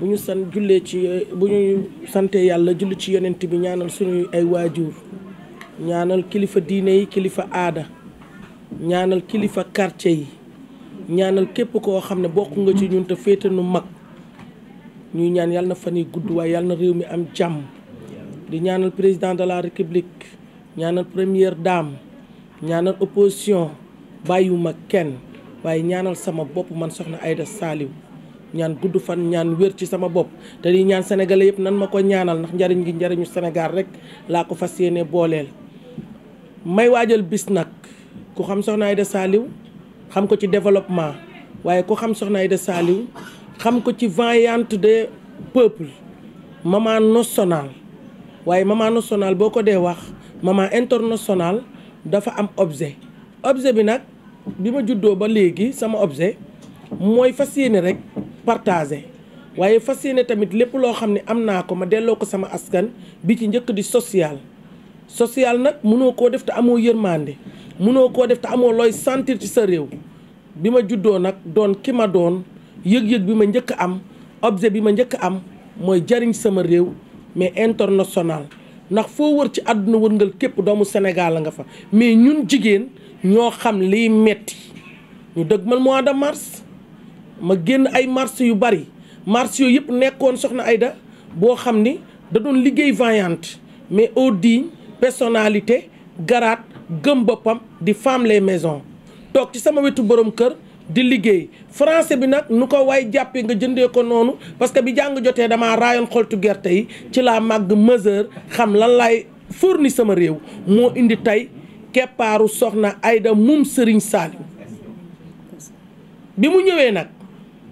bu ñu san jullee ci bu ñu sante yàlla julli ci yenent bi ñaanal suñuy ay waajur ñaanal kilifa diine yi kilifa aada ñaanal kilifa quartier yi ñaanal képp koo xam ne bokk nga ci ñun te féete nu mag ñuy ñaan yàlla na fan yi gudd waaye yàlla na réew mi am jàmm di ñaanal président de la république ñaanal première dame ñaanal opposition mag kenn waaye ñaanal sama bopp man soxna ayda Saliou ñaan gudd fan ñaan wér ci sama bopp te di ñaan sénégalais yëpp nan ma ko ñaanal ndax njariñ gi njariñu Sénégal rek laa ko fa yéene booleel. may waajal bis nag ku xam Soxna Aïda Saliou xam ko ci développement waaye ku xam Soxna Aïda Saliou xam ko ci vaillante de peuple maman nationale waaye maman nationale boo ko dee wax maman internationale dafa am objet objet bi nag bi ma juddoo ba léegi sama objet mooy fas yéene rek. partagé waaye fas yéene tamit lépp loo xam ne am naa ko ma delloo ko sama askan bi ci njëkk di social social nag mënoo koo def te amoo yërmande mënoo koo def te amoo looy sentir ci sa réew bi ma juddoo nag doon ki ma doon yëg-yëg bi ma njëkk am objet bi ma njëkk am mooy jariñ sama réew mais international ndax foo wër ci àdduna wërngal képp doomu Sénégal la nga fa mais ñun jigéen ñoo xam liy metti ñu dëgmal mois de mars ma génn ay marché yu bari marché yooyu yëpp nekkoon soxna Aida boo xam ni dadoon liggéey vaillante mais au digne personnalité garaat gëm boppam di femme les maisons toog ci sama wetu borom kër di liggéey français bi nag nu ko waay jàppee nga jëndee ko noonu parce que bi jàng jotee damaa raayoon xoltu gerte yi ci laa màgg mesure xam lan laay fourni sama réew moo indi tey keppaaru soxna Aida mum Serigne Saliou bi mu ñëwee nag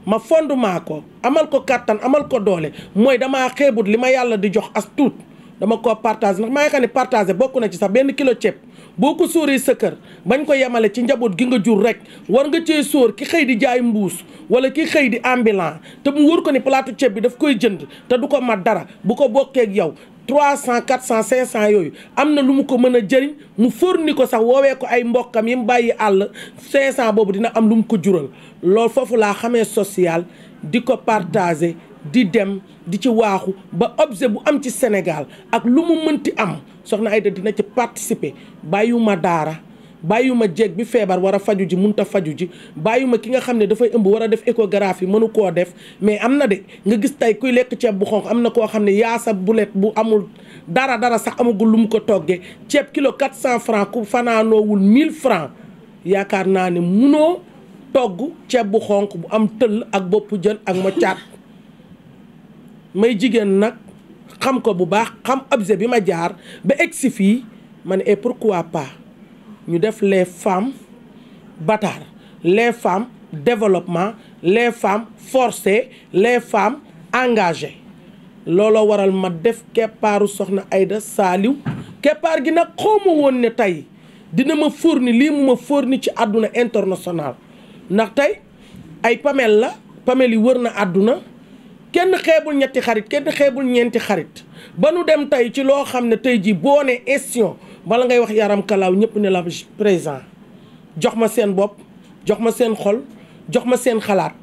ma fondement ko amal ko kattan amal ko doole mooy damaa xeebut li ma yàlla di jox as tuut dama ko partage ndax maa ngi xam ne partagé bokk na ci sax benn kilo ceeb boo ko sooree sa kër bañ ko yemale ci njaboot gi nga jur rek war nga cee sóor ki xëy di jaay mbuus wala ki xëy di ambulant te mu wóor ko ni plaatu ceeb bi daf koy jënd te du ko mat dara bu ko bokkeek yow 300 400 cent yooyu am na lu mu ko mën a jëriñ mu ni ko sax woowee ko ay mbokkam yi mu bàyyi àll 500 boobu dina am lu mu ko jural loolu foofu laa xamee social di ko partagé di dem di ci waaxu ba objet bu am ci Sénégal ak lu mu mënti am soxna Aida dina ci participer bàyyuma daara bàyyuma jeeg bi feebar war a faju ji munta faju ji bàyyuma ki nga xam ne dafay ëmb war a def échographie mënu koo def mais am na de nga gis tey kuy lekk ceeb bu xonq am na koo xam ne yaasa bulet bu amul dara dara sax amagul lu mu ko toggee ceeb kilo 400 francs ku fanaanoowul 1000 francs yaakaar naa ne munoo togg ceeb bu xonq bu am tëll ak boppu jën ak moccaat may jigéen nag xam ko bu baax xam objet bi ma jaar ba egsi fii ma ne et eh, pourquoi pas ñu def les femmes bâtard les femmes développement les femmes forcées les femmes engagées looloo waral ma def keppaaru soxna Aida saaliw keppaar gi nag xawma woon ne tey dina ma fourni lii mu ma fourni ci àdduna international ndax tey ay Pamel la Pamel yi wër na àdduna kenn xeebul ñetti xarit kenn xeebul ñeenti xarit ba nu dem tey ci loo xam ne tey jii boo ne Ssion bala ngay wax yaram kalaaw ñëpp ne la présent jox ma seen bopp jox ma seen xol jox ma seen xalaat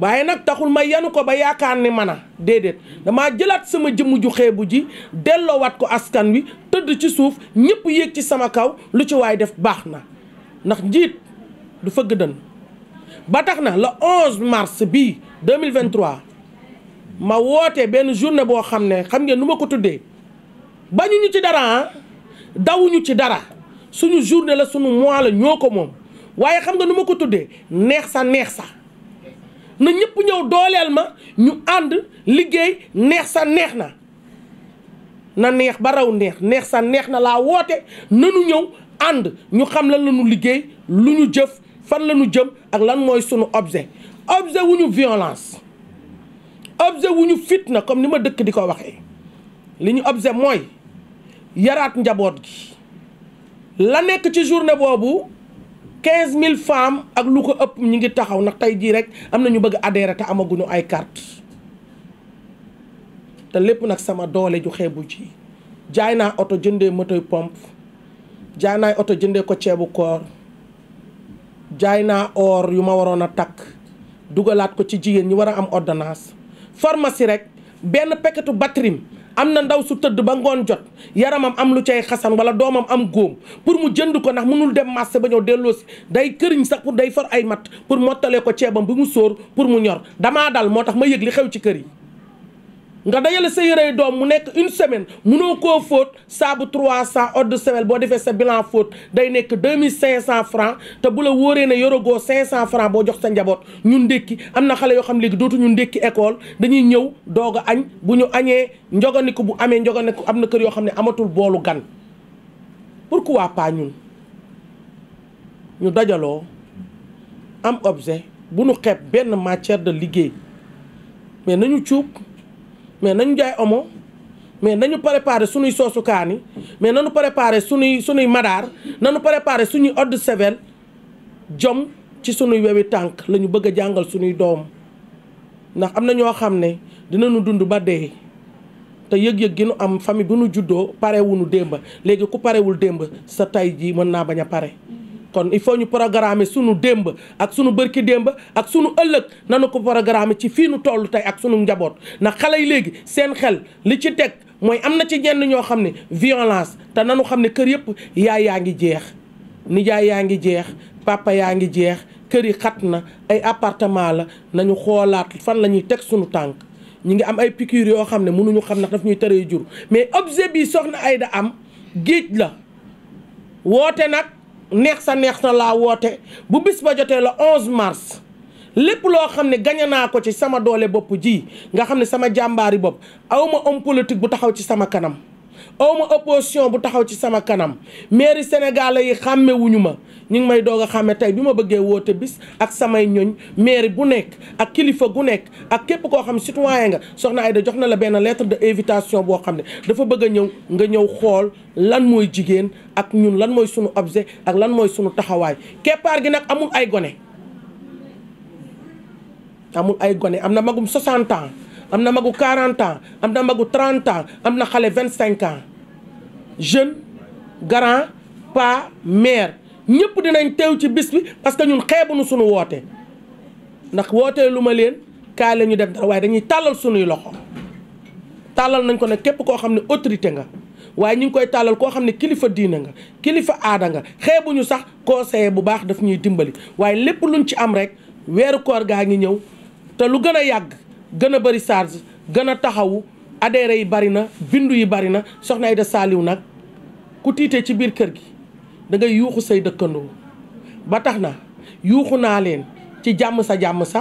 waaye nag taxul ma yanu ko ba yaakaar ne man a déedéet damaa jëlaat sama jëmm ju xeebu ji delloowaat ko askan wi tëdd ci suuf ñëpp yéeg ci sama kaw lu ci waay def baax na ndax njiit du fëgg dën ba tax na le 11 mars bii 2023 ma woote benn journée boo xam ne xam ngeen nu ma ko tuddee bañuñu ci dara ah. dawuñu ci dara suñu journée la suñu mois la ñoo ko moom waaye xam nga nu ma ko tuddee neex sa neex sa na ñëpp ñëw dooleel ma ñu ànd liggéey neex sa neex na na neex ba raw neex neex sa neex na laa woote nanu ñëw ànd ñu xam lan la ñu liggéey lu ñu jëf fan la ñu jëm ak lan mooy suñu objet objet wuñu ñu violence objet wu ñu na comme ni ma dëkk di ko waxee li ñu objet mooy yaraat njaboot gi la nekk ci journée boobu quinze mille femmes ak lu ko ëpp ñu ngi taxaw ndax tey jii rek am na ñu bëgg adhérer te amaguñu ay carte te lépp nag sama doole ju xeebu ji jaay naa oto jëndee motoy pomp jaay naa oto jëndee ko ceebu koor jaay naa or yu ma waroon a takk dugalaat ko ci jigéen ñi war a am ordonnance pharmacie rek benn peketu batrim am na ndaw su tëdd ba ngoon jot yaramam am lu cay xasan wala doomam am góom pour mu jënd ko ndax mënul dem marché ba ñëw delloo si day këriñ sax pour day for ay mat pour mottalee ko ceebam bi mu sóor pour mu ñor damaa dal moo tax ma yëg li xew ci kër yi nga dajale sa yërey doom mu nekk une semaine munoo koo fóot saabu 300 eau de Javel boo defee sa bilan fóot day nekk cinq 2500 francs te bu la wóoree ne yorogoo 500 francs boo jox sa njaboot ñu ndékki am na xale yoo xam léegi dootu ñu ndékki ecole dañuy ñëw doog a añ bu ñu añee njoganiku bu amee njoganiku am na kër yoo xam ne amatul boolu gan pour pourquoi pas ñun ñu dajaloo am objet bu ñu xeeb benn matière de liggéey mais nañu cuub mais nañu jaay omo mais nañu préparé suñuy soosu kaani mais nañu préparé suñuy suñuy madaar nañu préparé suñuy odd sevel jom ci suñuy wewi tànk la ñu bëgg a jàngal suñuy doom ndax am na ñoo xam ne dinañu dund ba dee te yëg-yëg gi nu am famille bu nu juddoo parewuñu démb léegi ku parewul démb sa tay ji mën naa bañ a pare kon il faut ñu programmer sunu démb ak sunu bërki démb ak sunu ëllëg na nanu ko programmer ci fii nu toll tey ak sunu njaboot ndax xale yi léegi seen xel li ci teg mooy am na ci ñenn ñoo xam ne violence te nanu xam ne kër yëpp yaay yaa ngi jeex nijaay yaa ngi jeex papa yaa ngi jeex kër yi xat na ay appartement la nañu xoolaat fan la ñuy teg sunu tànk ñi ngi am ay piqûres yoo xam ne mënuñu xam ne daf ñuy tere jur mais objet bi soxna Aida am géej la neex sa neex na laa woote bu bis ba jotee la 11 mars lépp loo xam ne gañe naa ko ci sama doole bopp ji nga xam ne sama jàmbaari bopp awma homme politique bu taxaw ci sama kanam awma opposition bu taxaw ci sama kanam mairie sénégalais yi xàmmewuñu ma ñu ngi may doog a xàmme tey bi ma bëggee woote bis ak samay ñoñ mairie bu nekk ak kilifa gu nekk ak képp koo xam citoyen nga soxna Aïda jox na la benn lettre de invitation boo xam ne dafa bëgg a ñëw nga ñëw xool lan mooy jigéen ak ñun lan mooy suñu objet ak lan mooy suñu taxawaay keppaar gi nag amul ay gone amul ay gone am na magum 60 ans am na magu 40 ans am na magu 30 ans am na xale vingt cinq an jeune grand pa maire ñëpp dinañ teew ci bis bi parce que ñun xeebuñu suñu woote ndax wootee lu ma leen kaay ñu def dara waaye dañuy tàllal suñuy loxo tàllal nañ ko ne képp koo xam ne autorité nga waaye ñu ngi koy tàllal koo xam ne kilifa diine nga kilifa aada nga ñu sax conseiller bu baax daf ñuy dimbali waaye lépp luñ ci am rek weeru koor gaa ngi ñëw te lu gën a yàgg gën a bëri charge gën a taxawu adhéré yi bari na bindu yi bari na soxna Aida Saliou nag ku tiitee ci biir kër gi da ngay yuuxu say dëkkandoo ba tax na yuuxu naa leen ci jàmm sa jàmm sa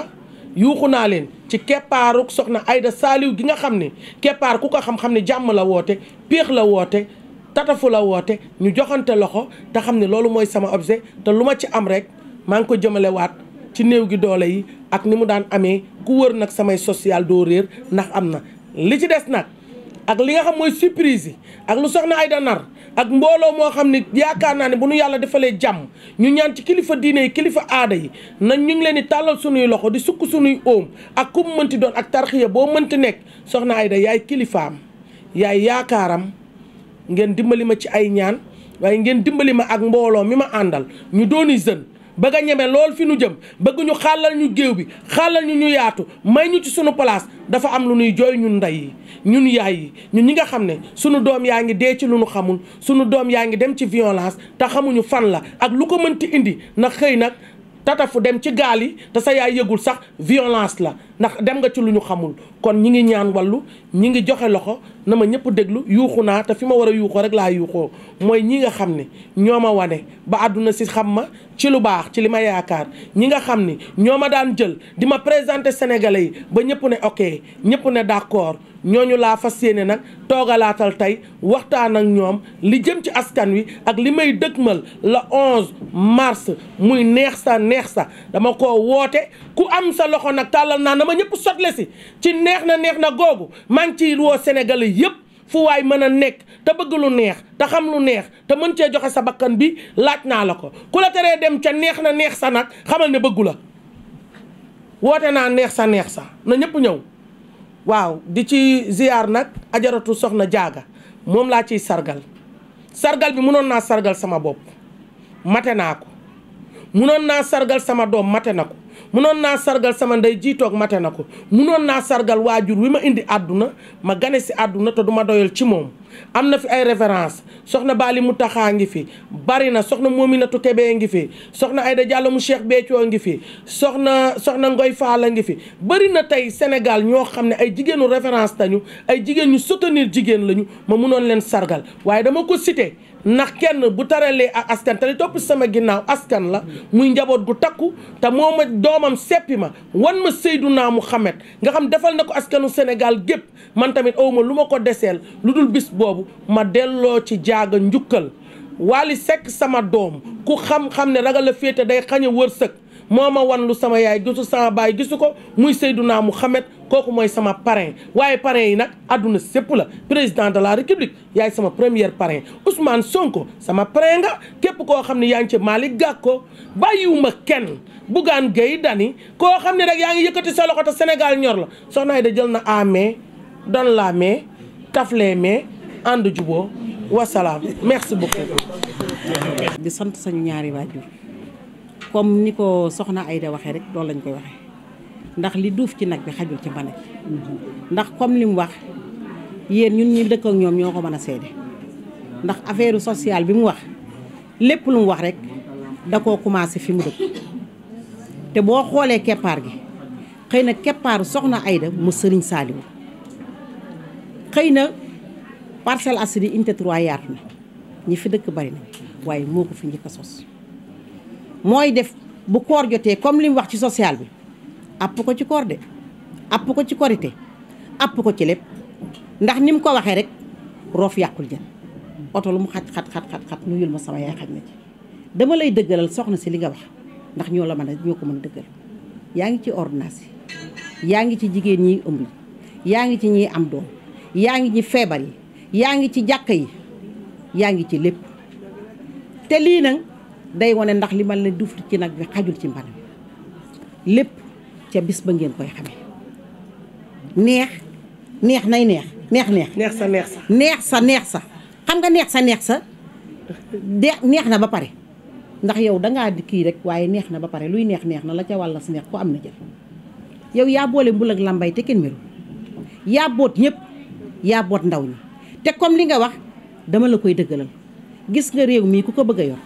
yuuxu naa leen ci keppaaruk soxna Aida Saliou gi nga xam ne keppaar ku ko xam-xam ne jàmm la woote péex la woote tatafu la woote ñu joxante loxo te xam ne loolu mooy sama objet te lu ma ci am rek maa ngi ko jëmale waat ci néew gi doole yi ak ni mu daan amee ku wër nag samay social doo réer ndax am na li ci des nag ak li nga xam mooy surprise yi ak lu soxna ay danar ak mbooloo moo xam ne yaakaar naa ne bu nu yàlla defalee jàmm ñu ñaan ci kilifa diine yi kilifa aada yi nañ ñu leen di tàllal sunuy loxo di sukk sunuy oom ak ku mu mënti doon ak tarxiya boo mënti nekk soxna Ayda yaay kilifaam yaay yaakaaram ngeen dimbali ma ci ay ñaan waaye ngeen dimbali ma ak mbooloo mi ma àndal ñu dooni jeune bëgg a ñeme lool fi nu jëm bëgguñu ñu xàllal ñu géew bi xàllal ñu ñu yaatu may ñu ci suñu place dafa am lu nuy jooy ñun ndey yi ñun yaay yi ñu ñi nga xam ne sunu doom yaa ngi dee ci lu nu xamul suñu doom yaa ngi dem ci violence te xamuñu fan la ak lu ko mënti indi na xëy nag tatafu dem ci gaal yi te sa yaay yëgul sax violence la ndax dem nga ci lu ñu xamul kon ñi ngi ñaan wallu ñi ngi joxe loxo na ma ñëpp déglu yuuxu naa te fi ma war a yuuxoo rek laa yuuxoo mooy ñi nga xam ne ñoo ma wane ba àdduna si xam ma ci lu baax ci li ma yaakaar ñi nga xam ni ñoo ma daan jël di ma présenter sénégalais yi ba ñëpp ne ok ñëpp ne ñoo ñu laa fa yéene nag toogalaatal tey waxtaan ak ñoom li jëm ci askan wi ak li may dëgmal la 11 mars muy neex sa neex sa dama ko woote ku am sa loxo nag tàllal naa ba ñëpp sotle si ci neex na neex na googu maa ngi ciy woo Sénégalais yëpp fu waay mën a nekk te bëgg lu neex te xam lu neex te mën cee joxe sa bakkan bi laaj naa la ko ku la teree dem ca neex na neex sa nag xamal ne bëggula woote naa neex sa neex sa na ñëpp ñëw waaw di ci ziar nag ajaratu soxna jaaga moom laa ciy sargal sargal bi munoon naa sargal sama bopp mate naa ko munoon naa sargal sama doom mate na ko munoon naa sargal sama ndey jiitoog mate na ko munoon naa sargal waajur wi ma indi àdduna ma gane si àdduna te du doyal ci moom am na fi ay référence soxna Bali Mutaxa ngi fi bari na soxna Mominatu Kebe ngi fi soxna ay Ayda Diallo mu Cheikh Béthio ngi fi soxna soxna Ngoy Faala ngi fi bari na tey Sénégal ñoo xam ne ay jigéenu référence tañu ay jigéen ñu soutenir jigéen lañu ma mënoon leen sargal waaye dama ko cité ndax kenn bu taralee ak askan te li topp sama ginnaaw askan la muy njaboot gu takku te moo ma doomam seppi ma wan ma naa mu Mouhamed nga xam defal na ko askanu Sénégal gépp man tamit awma lu ma ko deseel lu dul boobu ma delloo ci jaaga njukkal Wally Seck sama doom ku xam-xam ne ragal la féete day xañ a wërsëg moo ma wan lu sama yaay gisu sama baay gisu ko muy mu Mouhamed kooku mooy sama parrain waaye parrain yi nag àdduna sépp la président de la république yaay sama premier parrain Ousmane Sonko sama parrain nga képp koo xam ne yaa ngi ci Malick Gakko ma kenn Bougane Gueye Dany koo xam ne rek yaa ngi yëkkati sa loxo Sénégal ñor la soxna yi da jël na amee mais taf mais ànd juboo wasalaam merci beaucoup. di sant sañu ñaari waajur comme ni ko soxna ayda waxee rek loolu lañ koy waxe ndax li duuf ci nag bi xajul ci mbanak ndax comme li mu wax yéen ñun ñi dëkk ñoom ñoo ko mën a seede ndax affaire sociale bi mu wax lépp lu mu wax rek da koo commencé fi mu dëkk te boo xoolee keppaar gi xëy na keppaaru soxna ayda mu sëriñ Saaliwu xëy na Parcelles Assainies unité 3 yaatu na ñi fi dëkk bari na waaye moo ko fi njëkk sos mooy def bu koor jotee comme li wax ci social bi app ko ci koor de app ko ci korité app ko ci lépp ndax ni mu ko waxee rek roof yàqul jën oto lu mu xat xat xat xat xat nuyul ma sama yaay xaj na ci dama lay dëggalal soxna si li nga wax ndax ñoo la mën a ñoo ko mën a dëggal yaa ngi ci ordonnance yi yaa ngi ci jigéen ñi ëmb yi yaa ngi ci ñiy am doom yaa ngi ci feebar yi yaa ngi ci jàkka yi yaa ngi ci lépp te lii nag day wane ndax li ma la duuf ci nag bi xajul ci mban mi lépp ca bis ba ngeen koy xame neex neex nay neex neex neex. neex sa neex sa neex sa neex sa xam nga neex sa neex sa de neex na ba pare ndax yow dangaa di kii rek waaye neex na ba pare luy neex neex na la ca wàllas neex ko am na jël yow yaa boole mbul ak lambay te kenn meru yaa boot ñëpp yaa boot ndaw ñi te comme li nga wax dama la koy dëggalal gis nga réew mii ku ko bëgg yor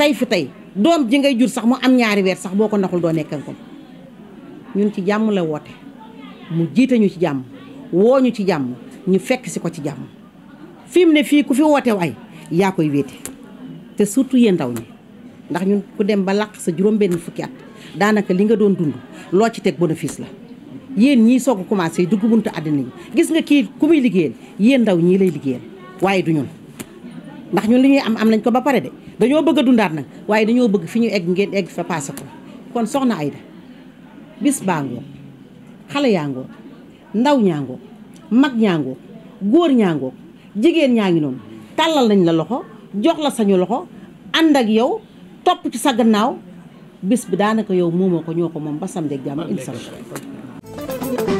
tey fi tey doom ji ngay jur sax mu am ñaari weer sax boo ko naxul doo nekkan ko ñun ci jàmm la woote mu jiite ñu ci jàmm woo ñu ci jàmm ñu fekk si ko ci jàmm fi mu ne fii ku fi woote ay yaa koy wéete te surtout yéen ndaw ñi ndax ñun ku dem ba làq sa juróom benn fukki at daanaka li nga doon dund loo ci teg bénéfice la yéen ñii soog a commencé dugg bunt àddina yi gis nga kii ku muy liggéeyal yéen ndaw ñii lay liggéeyal waaye du ñun ndax ñun li ñuy am am nañ ko ba pare de dañoo bëgg a dundaat nag waaye dañoo bëgg fi ñu egg ngeen egg fa passé ko kon soxna Aida bis baa ngoo xale yaa ngoo ndaw ñaa ngoo mag ñaa ngoo góor ñaa ngoo jigéen ñaa ngi noonu tàllal nañ la loxo jox la sañu loxo ànd ak yow topp ci sa gannaaw bis bi daanaka yow moomoo ko ñoo ko moom ba samedi ak jàmm Thank you.